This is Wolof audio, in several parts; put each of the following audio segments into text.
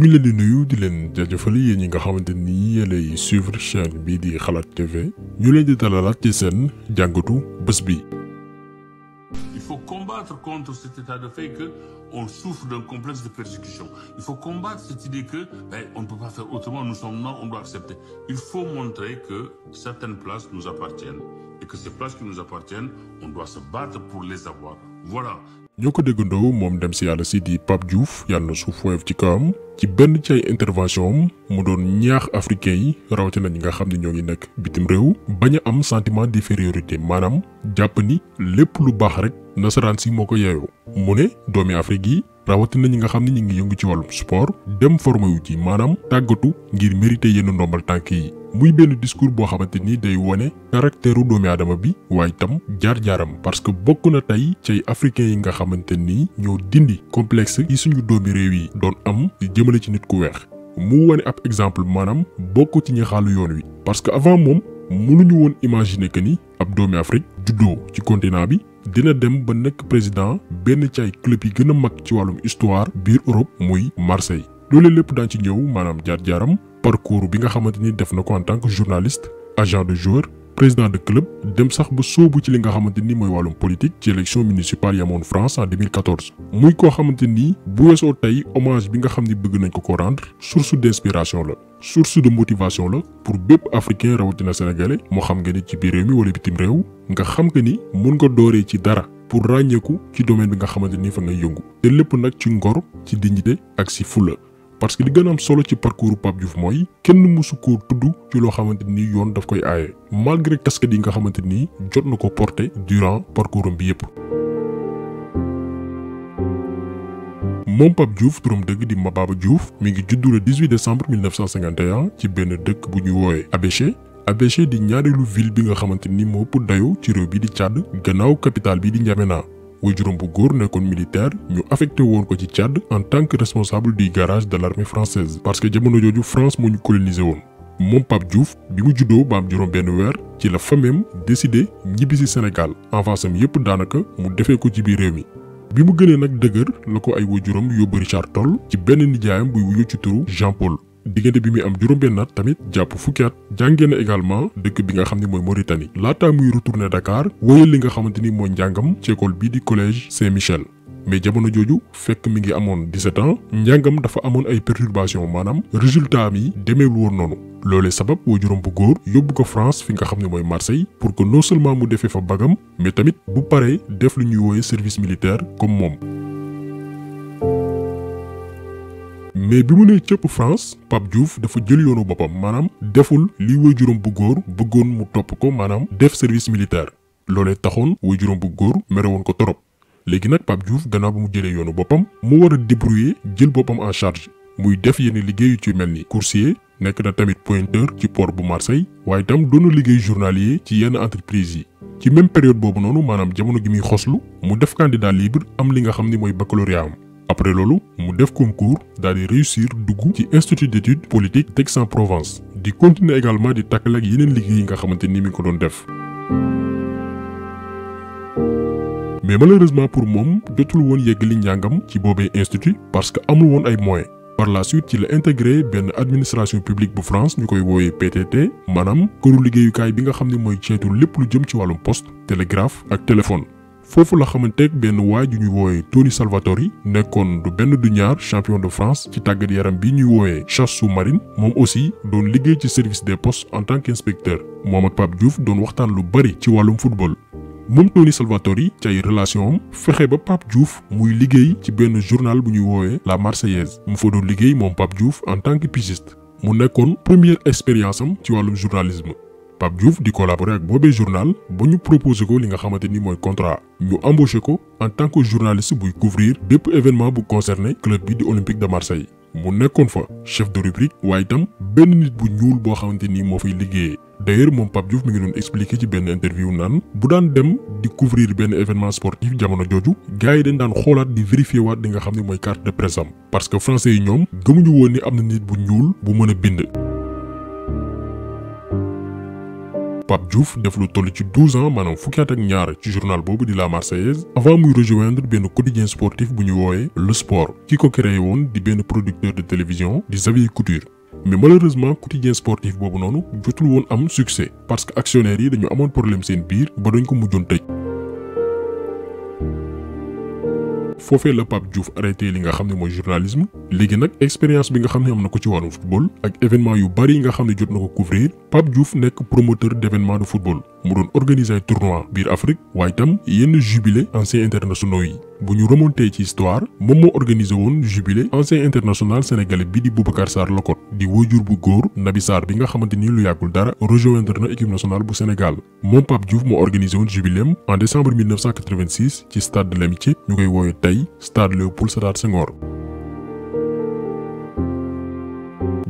TV Il faut combattre contre cet état de fait qu'on on souffre d'un complexe de persécution. Il faut combattre cette idée que ben, on ne peut pas faire autrement, nous sommes noirs, on doit accepter. Il faut montrer que certaines places nous appartiennent et que ces places qui nous appartiennent, on doit se battre pour les avoir. Voilà. ñoko ko déggandoo moom dem si yalla sidi di Pape Diouf yàlla na suuf ci kam ci benn ci ay intervention mu doon ñaax africain yi rawati nañ nga xamni ñogi nek bitim rew baña am sentiment d' manam maanaam jàpp ni lepp lu bax rek nasaran si moko yeyo mu ne afrique yi nga xamni ñi ngi yëngu ci sport dem formé wu ci manam tagatu ngir normal yeen ndombal tanki muy benn discours boo xamante ni day wane caractère doomi aadama bi waaye itam jaar-jaaram parce que bokk na tey cay africains yi nga xamante ni ñoo dindi complexe yi suñu doomi réew yi doon am di jëmale ci nit ku weex mu wane ab exemple maanaam bokk ci ñi xaalu yoon wi parce que avant moom mënuñu woon imaginer que ni ab doomi Afrique juddoo ci continent bi dina dem ba nekk président benn ci ay club yi gën a mag ci wàllum histoire biir Europe muy Marseille loolee lépp daan ci ñëw maanaam jaar-jaaram parcours bi nga xamanteni def na ko en tant que journaliste agent de joueur président de club dem sax ba sóobu ci li nga xamanteni moy walum politique ci élection municipale France en 2014 muy ko xamanteni bu weso tay hommage bi nga xamni bëgg nañ ko ko rendre source d'inspiration la source de motivation la pour bép africain rawatina sénégalais mo xam nga ni ci biir réew mi wala bitim réew nga xam nga ni mun nga doré ci dara pour ràññeeku ci domaine bi nga xamanteni fa nga yëngu té lepp nak ci ngor ci dignité ak ci fula parce que li gënam solo ci parcours pap juuf moy kenn mësu ko tuddu ci lo xamanteni yoon daf koy ayé malgré casquette yi nga xamanteni jot nako porter durant parcours bi yépp pap juuf turam deug di Mababa juuf mi ngi juddu le 18 décembre 1951 ci benn dëkk bu ñu woyé Abéché Abéché di ñaarelu ville bi nga xamanteni mo moo dayo ci réew bi di Tchad gannaaw capitale bi di way juróom bu góor nekkoon militaire ñu affecté woon ko ci Tchad en tant que responsable du garage de l'armée française parce que jamono jooju France moo ñu colonisé woon moom Pape Diouf bi mu juddoo ba juróom benn weer ci la fameem décidé ñibbi si Sénégal enfance am yépp daanaka mu defee ko ci biir réew mi bi mu gënee nag dëgër la ko ay juróom yóbbu Richard Toll ci benn nijaayam buy wuyu ci turu Jean Paul diggante bi muy am juróom benn at tamit jàpp fukki at jàngee na également dëkk bi nga xam ne mooy Mauritanie laata muy retourné Dakar wëyal li nga xamante ni mooy njàngam ci école bii di collège Saint-Michel mais jamono jooju fekk mi ngi amoon 17 ans njàngam dafa amoon ay perturbation maanaam résultat mi demeewul woon noonu loolee sabab waajuram bu góor yóbbu ko France fi nga xam ne mooy Marseille pour que non seulement mu defee fa bagam mais tamit bu paree def lu ñuy wooye service militaire comme moom mais bi mu nee cëpp France Pape Diouf dafa jël yoonu boppam maanaam deful li juróom bu góor bëggoon mu topp ko maanaam def service militaire loolee taxoon juróom bu góor mere ko torop léegi nag Pape Diouf gannaaw ba mu jëlee yoonu boppam mu war a débrouiller jël boppam en charge muy def yenn liggéey ci mel ni coursier nekk na tamit pointeur ci port bu Marseille waaye itam doonu na liggéey journalier ci yenn entreprise yi ci même période boobu noonu maanaam jamono gi muy xoslu mu def candidat libre am li nga xam ni mooy baccalauréat après lolo, mu def concours d'aller réussir dugg ci institut d'études politiques d'Aix-en-Provence Il continue également de takkal yeneen qui yi nga mais malheureusement pour moi, il a à ci institut parce que ay moyens par la suite il a intégré l'administration administration publique de France nous PTT PTT poste téléphone fofu la xamanteeg ben waay ñu woyé Tony Salvatori nekkon du ben du champion de France ci tàggat yaram bi ñu woyé chasse sous-marine mom aussi doon liggéey ci service des postes en tant qu'inspecteur mom ak Pape Diouf doon waxtaan lu bari ci walum football. mom Tony Salvatori ci ay relation fexé ba Pape Diouf muy liggéey ci ben journal bu ñu woyé La Marseillaise mu fa doon liggéey mom Pape Diouf en tant que pigiste mu nekkon première expérience am ci walum journalisme. Pape Diouf di collaborer avec Bobé journal pour nous proposé ko li nga un ni contrat Nous embauché en tant que journaliste pour couvrir événements événement bu le club de di Olympique de Marseille mu nekkoon chef de rubrique waaye itam benn nit bu ñuul boo xamante ni d'ailleurs mon Pape Diouf m'a expliqué dans une interview naan bu daan dem couvrir un événement sportif jamono jooju gars dañ vérifier ce li nga xam carte de presse parce que français yi ñoom gëmuñu woon ni am na nit bu ñuul Pape Diouf def lu toll ci 12 ans maintenant fukki at ak ñaar ci journal boobu di la Marseillaise avant muy rejoindre benn quotidien sportif bu ñu Le Sport Kiko ko créé woon di producteur de télévision di Xavier Couture mais malheureusement quotidien sportif boobu noonu jotul woon am succès parce que actionnaires yi dañu un problème seen biir ba dañ ko mujjoon tëj faire la Pape Diouf arrêté li nga xamné moy journalisme léegi nak expérience bi nga xamné amna ko ci wàllum football ak événement yu bari nga xamné jot nako couvrir Pape Diouf que promoteur d'événements de football Il doon organiser un tournoi biir Afrique way et yenn jubilé anciens internationaux yi nous ñu remonté ci histoire un organisé jubilé ancien international sénégalais bi di Boubacar Sar Locotte di wajur bu Nabi Sarr bi nga xamanteni lu dara rejoindre na nationale du Sénégal Mom Pape Diouf mo organisé un jubilé en décembre 1986 ci stade de l'amitié ñu koy stade Léopold Sédar Senghor.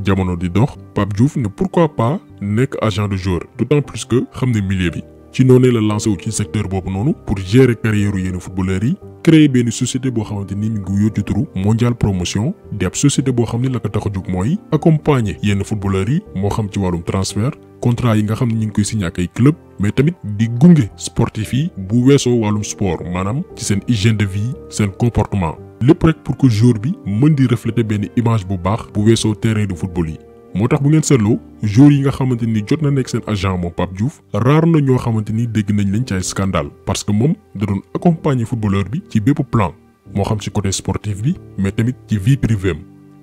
jamono di dox Pape Diouf ne pourquoi pas nek agent de jour, d'autant plus que xam ne milieu bi ci noné la lancé ci secteur bobu nonou pour gérer carrière yene footballeur yi créer une société bo xamante ni mi ngi wuyoo ci turu mondial promotion des société bo xam la ko tax moy accompagner yene footballeur yi mo xam ci walum transfert contrat yi nga xam ne ñu koy signé ak ay club mais tamit di gunge sportif yi bu wesso walum sport manam ci sen hygiène de vie sen comportement lépp rek pour que jour bi mën di refléter benn image bu baax bu wesso terrain de football yi. moo tax bu ngeen seetloo jour yi nga xamante ni jot na nekk seen agent moom Pape Diouf raar na ñoo xamante ni dégg nañ lañ ci ay parce que moom da doon accompagner footballeur bi ci bépp plan moo xam ci côté sportif bi mais tamit ci vie privée am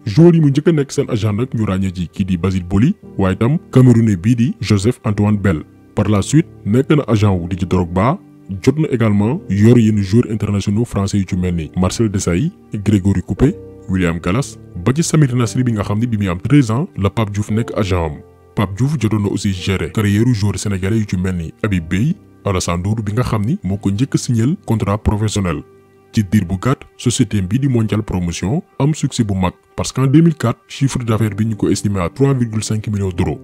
yi mu njëkk nekk seen agent nag ñu ràññee ji kii di Basile Boli waaye itam camerounais bii di Joseph Antoine Bell par la suite nekk na agent wu di Didier Drogba jot na également yor yenn jour internationaux français yu ci mel ni Marcel Desailly William Gallas ba Samir Nasri bi nga xamni bi am 13 ans le Pape Diouf nek agent Pape Diouf a aussi gérer carrière joueur sénégalais yu ci melni ni Bey, Alassane bi nga xamni signal contrat professionnel. ci Boukat, bu société de di Mondial Promotion am succès bu mag parce qu'en 2004 chiffre d'affaires bi estimé à 3,5 millions d'euros.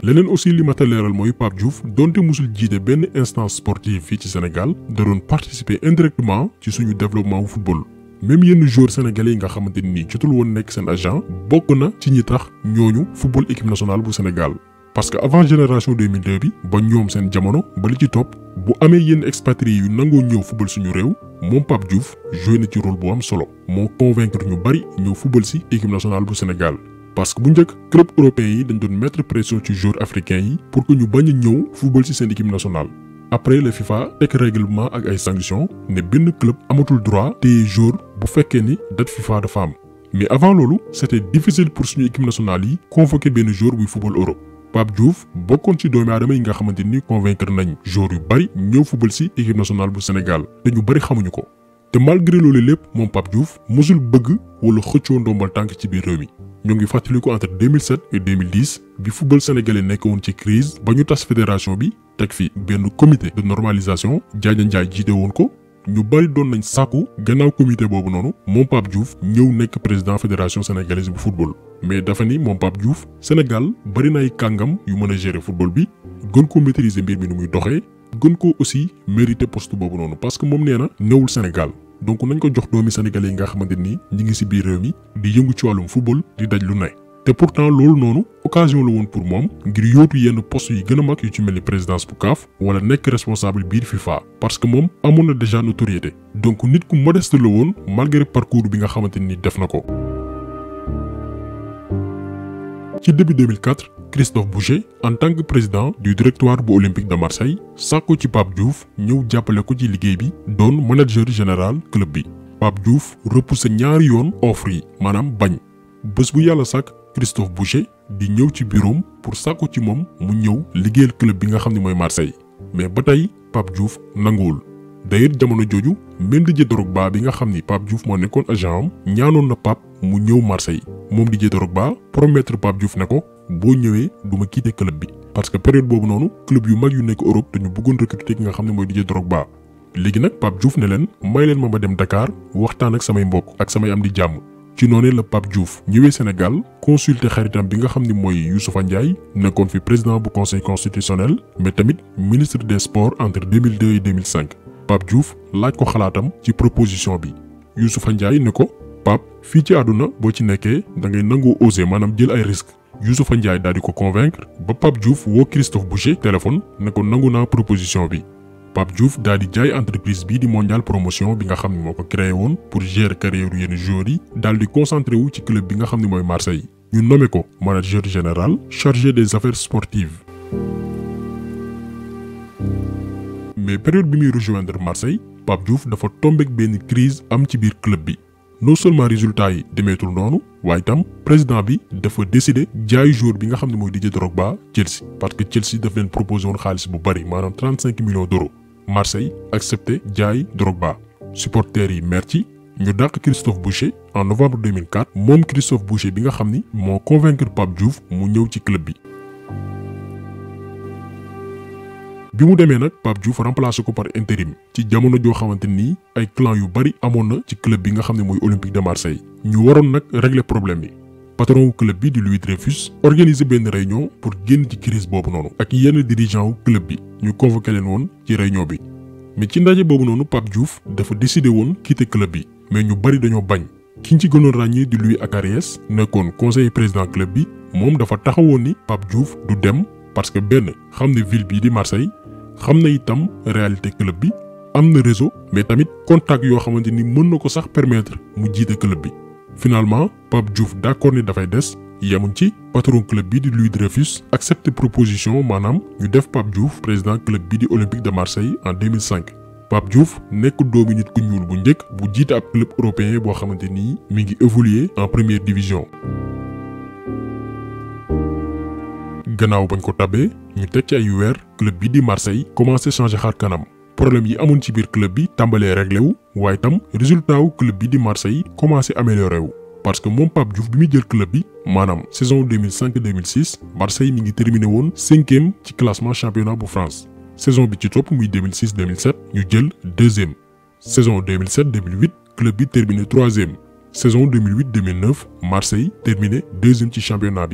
leneen aussi li mat a mooy Pape Diouf donte musul jiite benn instance sportive fii ci Sénégal da participer indirectement ci suñu développement football. même yenn joueur sénégalais yi nga xamante ni jotul woon nekk seen agent bokk na ci ñi tax ñooñu football équipe nationale bu Sénégal. parce que avant génération 2002 bi ba ñoom seen jamono ba li ci topp bu amee yenn expatriés yu nangoo ñëw football suñu réew moom Pape Diouf joué na ci rôle bu am solo moo convaincre ñu bari ñëw football si équipe nationale bu Sénégal parce que bu club européen yi dañ doon mettre pression ci joueurs africains yi pour que ñu bañ a ñëw football ci seen équipe nationale. après la FIFA tek règlement ak ay sanctions né benn club amatul droit té joueur bu fekkee ni date FIFA de femme. mais avant lolu c’était difficile pour suñu équipe nationale yi convoquer benn joueur bu football Europe. Pape Diouf bokkoon ci doomi aadama yi nga xamanteni convaincre nañ jour yu bari ñew football ci équipe nationale bu Sénégal té ñu bari xamuñu ko té malgré lolu lépp mom Pape Diouf musul bëgg wala xëccoo ndombal tank ci biir réew mi ñu ngi fàttaliku entre 2007 et 2010 bi football sénégalais nekkoon ci crise ba ñu tas fédération bi teg fi benn comité de normalisation Diagne Ndiaye jiite woon ko ñu bari doon nañ sàkku gannaaw comité boobu noonu moom Pape Diouf ñëw nekk président fédération sénégalaise bu football. mais dafa ni moom Pape Diouf Sénégal bari na ay kàngam yu mën a gérer football bi gën ko maîtriser mbir mi nu muy doxee gën ko aussi mérité poste boobu noonu parce que moom nee na newul Sénégal donc nañ ko jox doomi sénégalais yi nga xamante ni ñi ngi si biir réew mi di yëngu ci wàllum football di daj lu ne te pourtant loolu noonu occasion la woon pour moom ngir yóotu yenn poste yi gën a mag yu ci mel ni présidence bu CAF wala nekk responsable biir FIFA parce que moom amoon na déjà notoriété donc nit ku modeste la woon malgré parcours bi nga xamante ni def na ko. ci début 2004 Christophe Boucher en tant que président du directoire du Olympique de Marseille Sako ci Pape Diouf ñëw jappalé ko ci liggéey bi doon manager général club bi Pape Diouf repoussé ñaar yoon offre yi maanaam bañ bu Yalla sak Christophe Boucher di ñëw ci bureau pour sàkku ci mom mu ñëw liguel club bi nga xamni moy Marseille mais ba Pape Diouf nanguwul d'ailleurs jamono même Didier Drogba bi nga xamni Pape Diouf moo agent na Pape mu ñëw Marseille moom Didier Drogba promettre Pape Diouf ne ko bo ñëwé duma quitté club bi parce que période bobu noonu club yu mag yu nek Europe dañu bëggoon recruter ki nga xam moy mooy Drogba légui nak Pape Diouf ne leen may leen ma ma dem Dakar waxtaan ak samay mbokk ak samay am di jamm ci noné le Pape Diouf ñëwé Sénégal consulté xaritam bi nga xam moy Youssoufa Ndiaye nekkoon fi président bu conseil constitutionnel mais tamit ministre des sports entre 2002 et 2005 Pape Diouf laaj ko xalaatam ci proposition bi Youssoufa Ndiaye ne ko Pape fi ci aduna bo ci nekkee da ngay nangu oser manam jël ay risques Youssoufa Ndiaye daal di ko convaincre ba Pape Diouf woo Christophe Boucher téléphone ne ko nangu naa proposition bi Pape Diouf daal di jaay entreprise bii di mondial promotion bi nga xam ne moo ko créé woon pour gérer carrière yenn joueurs yi daal di concentré wu ci club bi nga xam ne mooy Marseille ñu nommé ko manager général chargé des affaires sportives. mais période bi muy rejoindre Marseille Pape Diouf dafa tombeek benn crise am ci biir club bi non seulement résultat yi demeetul noonu waaye itam président bi dafa décider jaay jour bi nga de moy Drogba Chelsea parce que Chelsea daf leen proposé woon xaalis bu bari 35 millions d'euros Marseille accepté jaay Drogba supporter yi merci ñu Christophe Boucher en novembre 2004 mom Christophe Boucher bi nga xam mo convaincre Pape Diouf mu ñëw ci club bi. bi mu demee nag Pape Diouf remplacé ko par intérim ci jamono joo xamante ni ay clan yu bari amoon na ci club bi nga xam ne mooy Olympique de Marseille ñu waroon nag régler problème bi patron wu club bi di Louis Dreyfus organiser benn réunion pour génn ci crise boobu noonu ak yenn dirigeant wu bi ñu convoqué leen woon ci réunion bi mais ci ndaje boobu noonu Pape Diouf dafa décidé woon quitter club bi mais ñu bari dañoo bañ ki ñu ci gënoon ràññee di Louis Acariès nekkoon conseiller président club bi moom dafa taxawoon ni Pape Diouf du dem parce que benn xam ne ville bii di Marseille xam na itam réalité club bi am na réseau mais tamit contact yoo xamante ni mën na ko sax permettre mu jiite club bi. finalement Pape Diouf d' accord ni dafay des yemuñ ci patron club bi di Louis Dreyfus accepte proposition maanaam ñu def Pape Diouf président club bi di Olympique de Marseille en 2005. Pape Diouf nekk doomi nit ku ñuul bu njëkk bu jiite ab club européen boo xamante ni mi ngi évoluer en première division gannaaw bañ ko tabé ñu tecc ay club bi di Marseille commencé changer xaar kanam problème yi amoon ci biir club bi tambalé réglé wu way tam résultat wu club bi di Marseille commencé à wu. parce que mon Pape djouf bi mi jël club bi manam saison 2005 2006 Marseille mi ngi terminé 5 e ci classement championnat de France saison bi ci il muy 2006 2007 ñu jël deuxième saison 2007 2008 le club bi terminé 3e. e saison 2008 2009 Marseille terminé 2e 2e ci championnat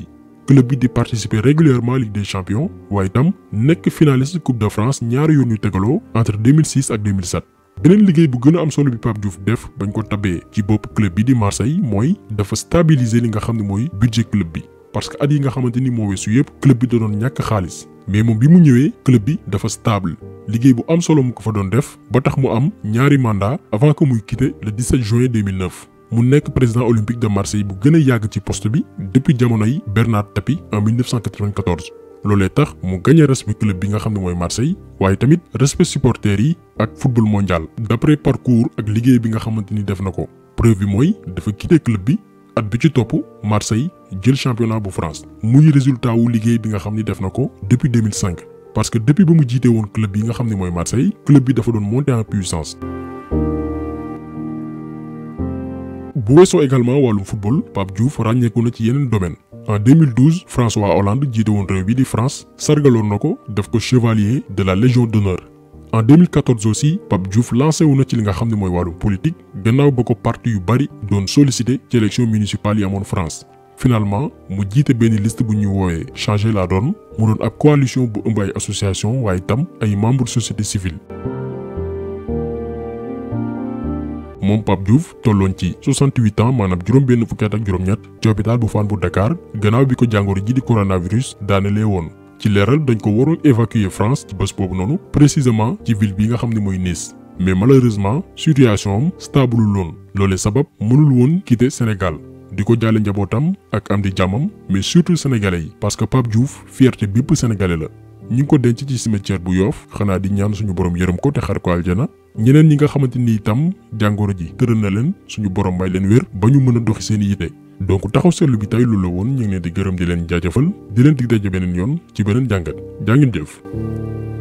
club bi di participer régulièrement Ligue des champions waaye tam nek finaliste Coupe de France ñaar yoon yu entre 2006 ak 2007. benen liggéey bu gën am solo bi Pape Diouf def bañ ko tabé ci bop club bi di Marseille moy dafa stabiliser li nga xam moy budget club bi parce que at yi nga xamanteni mo wessu yépp club bi da doon ñak xaalis mais mom bi mu ñëwee club bi dafa stable liggéey bu am solo mu ko fa doon def ba tax mu am ñaari mandat avant que muy quitter le 17 juin 2009 mu le président olympique de Marseille bu gëna a ci poste bi depuis jamono yi Bernard Tapie en 1994. lolé tax mu gagné respect club bi nga xam moy Marseille waye tamit respect supporters yi ak football mondial. d'après parcours ak ligue bi nga xamante def nako preuve bi dafa quitté club bi at bi ci top Marseille jël championnat bu France muy résultat wu ligue bi nga xamni def depuis 2005 parce que depuis que mu suis won club bi nga xamni moy Marseille club bi dafa don monter en puissance. bu également wàllum football Pape Diouf ràññeeku na ci yeneen domaine en 2012 François Hollande dit de réew bi di France sargaloon na ko def ko chevalier de la Légion d'honneur en 2014 aussi Pape Diouf lancé wu na ci li nga xam ne mooy politique gannaaw ba parti yu bari doon sollicité ci élection municipale yi France finalement mu jiite benn liste bu ñu wooyee changer la donne mu doon ab coalition bu ëmb association waaye itam ay membres société civile moom Pape Diouf tolloon ci 68 ans maanaam juróom benn fukki at ak juróom-ñett ci hôpital bu Fann bu Dakar gannaaw bi ko jàngoro ji di coronavirus daanelee woon. ci leeral dañ ko waroon évacuer France ci bés boobu noonu précisément ci ville bi nga xam ne mooy Nice mais malheureusement situation am stable loon loolee sabab mënul woon quitter Sénégal di ko jaale njabootam ak am di jàmmam mais surtout sénégalais yi parce que Pape Diouf fierté bépp sénégalais la. ñi ngi ko denc ci cimetière bu yoof xanaa di ñaan suñu borom yërëm ko te xar ko aljana ñeneen ñi nga xamante ni itam jàngoro ji tëral na leen suñu borom may leen wér ba ñu mën a doxi seen yite donc taxaw seetlu bi tey lu la woon ñu ngi di gërëm di leen jaajafal di leen dig daje beneen yoon ci beneen jàngat jàngin jëf